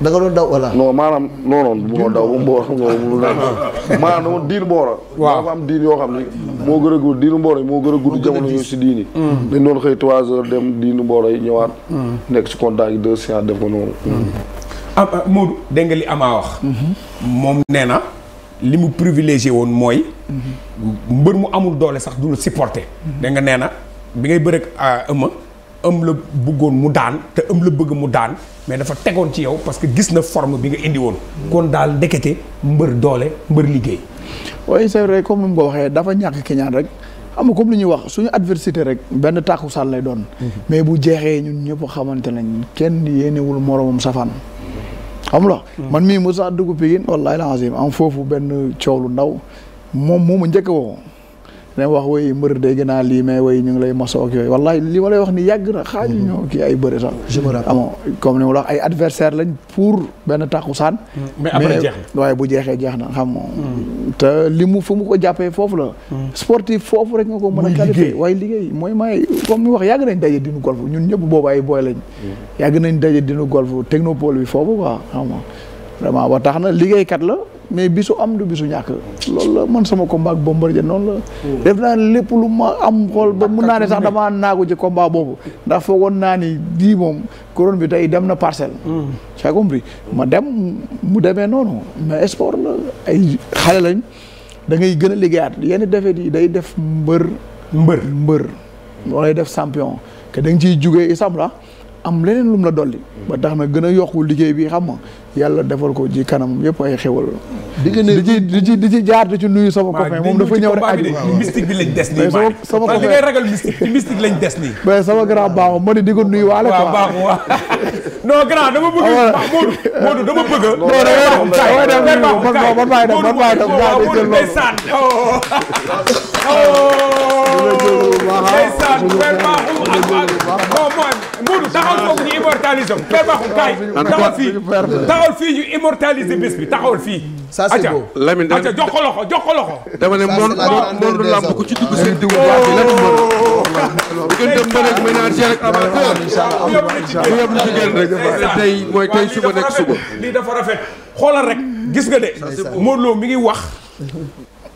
da nga doon daw wala. non maanaam non non bu ma daw bu mboor xam nga bu maanaam yoo xam ne moo gën a gudd diinu moo gën jamono ñu si diini. Mm. dañ doon xëy trois heures dem diinu mboora yi ñëwaat. Mm. nekk si contact yi deux séances def ko noonu. Mm. Ah, ah, dégg nga li Ama wax. Mm-hmm. moom nee na li mu privilégié woon mooy. Mm-hmm. mbër mu amul doole sax du la supporter. Mm-hmm. dégg nga nee na bi ngay bëreeg ëmma. Ah, ëm la bëggoon mu daan te am la bëgg mu daan mais dafa tegoon ci yow parce que gis na forme bi nga indi woon. kon daal ndekete mbër doole mbër liggéey. oui c'est vrai comme ni ko waxee dafa ñàkk keñaan rek xam nga comme li ñuy wax suñu adversité rek benn tàkkusaan lay doon. Mhm. mais bu jeexee ñun ñëpp xamante nañ kenn yéenewul moromam safaan. xam la mhm. man mii Moussa dugg Pikine wallaahi la azim am foofu benn coow lu ndaw moom moomu njëkk a woo dana wax woy mbër dégg naa lii mais woy ñu ngi lay mosoo ak yooyu wallahi li ma lay wax ni yàgg na xaaju mhm. ñoo kii ay bëre sax amo comme ni ma la wax ay adversaire lañ pour benn tàkkusaan mais après jeex na waaye bu jeexee jeex na xam mhm. te li mu fu mu ko jàppee foofu la mhm. sportif foofu rek nga ko mën a qualifié waaye liggéey mooy may comme ni wax yàgg nañ daje dinu golf ñun ñëpp boobu ay booy lañ yàgg nañ daje dinu golf technopole bi foofu quoi xam nga vraiment ba tax na liggéeykat la mais bisu am du bisu ñàkk man sama combat ak Bombardier noonu la. def naa lépp lu ma am xool ba naa ne sax damaa naagu ci combat boobu. ndax foogoon naa ni di moom bi tey dem na parcelle. Hmm. c' est ma dem mu demee noonu mais sport la ay xale lañ da ngay gën a liggéeyaat yenn defee yi day def mbër. mbër mbër. loolay def champion que da nga ciy jugee isam la am leneen lum la dolli. ba tax na gën a yokku liggéey bi xam ma yàlla defal ko ji kanam yëpp ay xewal. di ci jaar di ci nuyu sama copain moom dafa ñëw rek aju mystique bi des nii sama copain li ngay ma ni di ko nuyu waale quoi waaw waaw non bëgg ah, Modou Modou dama bëgg non non man maay dem man maay immortaliser ko père Bakhoum kaay taxawal fii taxawal fii ñu immortaliser bés bi taxawal fii. ça c'est beau Lamine dama jox ko loxo jox ko loxo. dama ne moom moom du làmb ku ci dugg seen diw baax yi lan oh. moom. diggante mbër ak ménager ak amateur. bu yóbbu ci génn rek tey mooy tey suba nekk suba. lii dafa rafet xoolal rek gis nga de. Modou Lo mi ngi wax.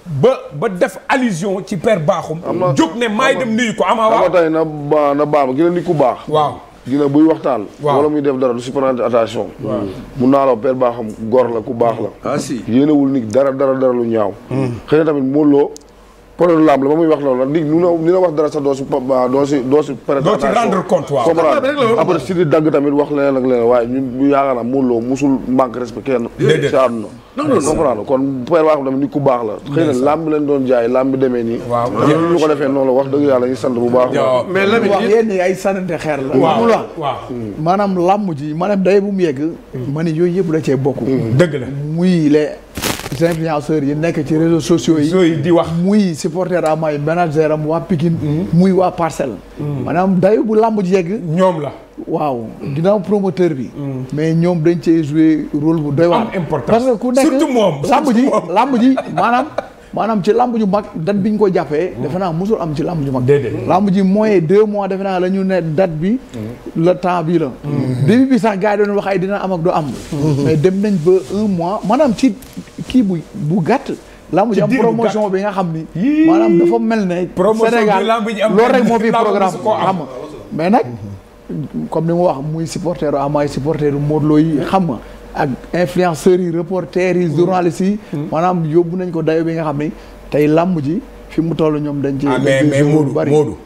ba ba def allusion ci père Bakhoum. jóg ne maay dem nuyu ko ama waaw. na ba na baax gi la ni ku baax. waaw. dina buy waxtaan. wala muy def dara lu si prendre attention. mu naaloo per baa xam gor la ku baax la. ah si yéenewul nit dara dara dara lu ñaaw. Mm. xëy na tamit mbooloo. problème lamb la ba muy wax loolu nag nit ñu ne wax dara sax doo si doo si doo si. doo si rendre compte waaw comprendre si di dagg tamit wax leneen ak leneen waaye ñun yaakaar naa mbooloo musul manque respect kenn. déedéet si àdduna non non comprendre kon père wax tamit nit ku baax la xëy na làmb leen doon jaay làmb bi demee nii waaw ñu ko defee noonu la wax dëgg yàlla ñu sant bu baax mais Lamine wax yéen ñi ay sànnante xeer la mu la maanaam làmb ji maanaam day bu mu yegg ma ne yooyu yëpp la cee bokk dëgg la muy lee influenceurs yi nekk ci réseaux sociaux yi. di wax muy supporter am yi manager am waa Pikine. Mm-hmm. muy waa parcel mm-hmm. maanaam dayu bu làmb ji yegg. ñoom la. waaw ginnaaw promoteur bi. Mm-hmm. mais ñoom dañ cee jouer rôle bu doy waar. am importance parce que ku nekk surtout moom làmb ji maanaam ci lamb ju mag date bi ñu ko jàppee. Mm. defe naa musul am ci lamb ju mag. déedéet lamb ji moyen deux mois defe naa la ñu ne date bi. Mm. le temps bi la. Mm. début bi sax gars yi doon wax ay dina am ak du am. mais dem nañ ba un mois maanaam ci kii bu bu gàtt. lamb ji am promotion bi nga xam ni. maanaam dafa mel ne. Sénégal loolu rek moo fi programme xam mais nag comme ni mu wax muy supporter am ay supporter Modou looy xam nga. ak influenceurs yi reporters yi mm-hmm. journalistes yi mm-hmm. maanaam yóbbu nañ ko dayo bi nga xam ne tey làmb ji fi mu toll ñoom dañ ci ah, mais mais Modou Modou